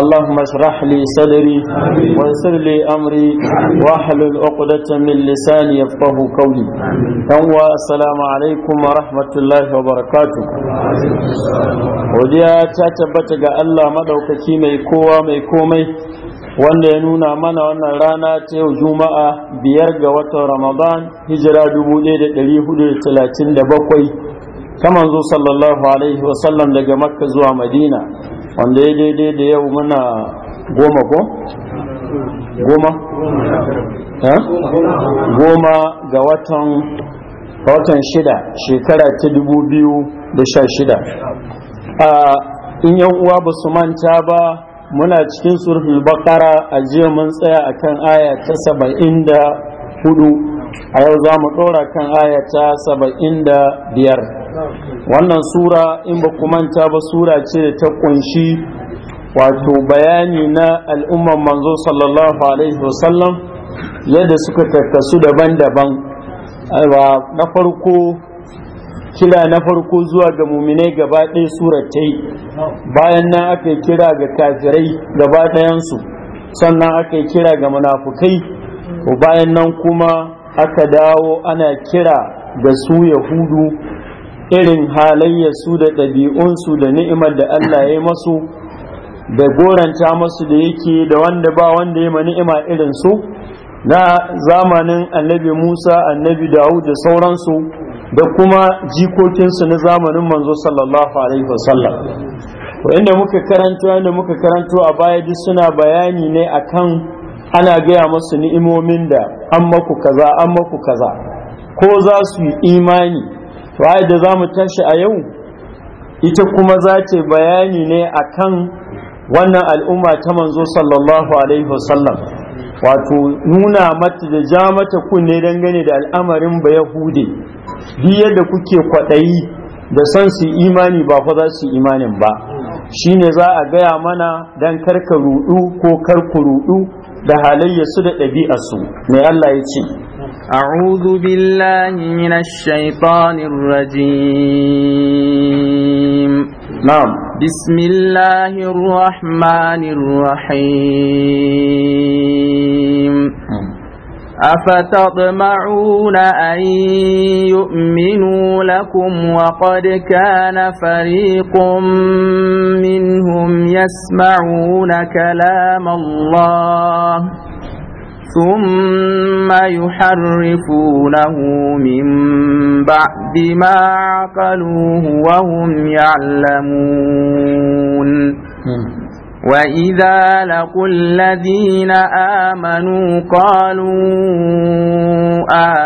اللهم اشرح لي صدري ويسر لي امري واحلل عقدة من لساني يفقه قولي يوم السلام عليكم ورحمة الله وبركاته وديا تتبتغ الله kowa mai komai. wanda ya nuna mana wannan rana ta yau juma'a biyar ga watan ramadan hijira 1437 ta manzo sallallahu alaihi wasallam daga makka zuwa madina wanda ya daidai da yau muna goma ko goma goma ga watan watan shida shekara ta dubu biyu da sha shida a in yan uwa ba su manta ba muna cikin surfin bakara a jiya mun tsaya akan aya ta saba'in da hudu a yau za mu ɗora kan aya ta saba'in da biyar wannan sura in ba manta ba sura ce da ta kunshi wato bayani na al'umman manzo sallallahu alaihi wasallam yadda suka tattasu daban-daban na farko kira na farko zuwa ga muminai gaba ɗaya suratai bayan nan aka yi kira ga kafirai gaba ɗayansu sannan aka yi kira ga munafukai bayan nan kuma aka dawo ana kira da su yahudu irin halayyarsu da ɗabi'unsu da ni'imar da Allah ya yi masu da goranta masu da yake da wanda ba wanda ya ma ni'ima irin su na zamanin annabi Musa annabi Dawud da sauransu da kuma jikokinsu na zamanin manzo sallallahu alaihi wasallam inda muka karanto inda muka karanto a baya duk suna bayani ne akan ana gaya masu ni'imomin da an maku kaza an maku kaza ko za su yi imani to da za mu tashi a yau ita kuma za ta bayani ne a kan wannan al'umma ta manzo sallallahu alaihi wasallam wato nuna mata da ja mata kunne dangane da al'amarin ba yahude biyar da kuke kwaɗayi da san su imani ba fa za su imanin ba shine za a gaya mana don karka rudu ko karku rudu da halayya su da ɗabi'a su mai Allah ya ce أعوذ بالله من الشيطان الرجيم نعم بسم الله الرحمن الرحيم نعم. أفتطمعون أن يؤمنوا لكم وقد كان فريق منهم يسمعون كلام الله ثم يحرفونه من بعد ما عقلوه وهم يعلمون وإذا لقوا الذين آمنوا قالوا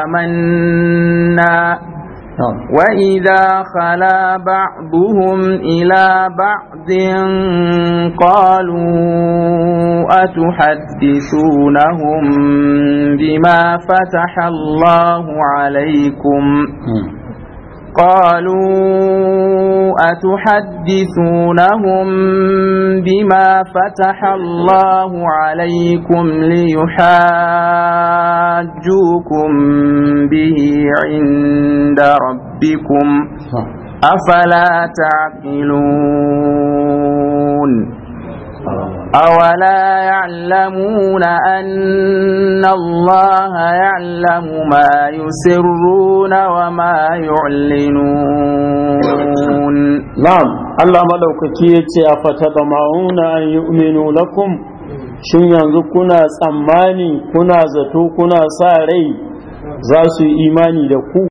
آمنا نعم. وإذا خلا بعضهم إلى بعض قالوا أتحدثونهم بما فتح الله عليكم قالوا أتحدثونهم بما فتح الله عليكم ليحاجوكم به عند ربكم أفلا تعقلون آه. أولا يعلمون أن الله يعلم ما يسرون وما يعلنون نعم الله ملوكتي أفتطمعون أن يؤمنوا لكم shin yanzu kuna tsammani kuna كنا kuna sa rai za su yi imani da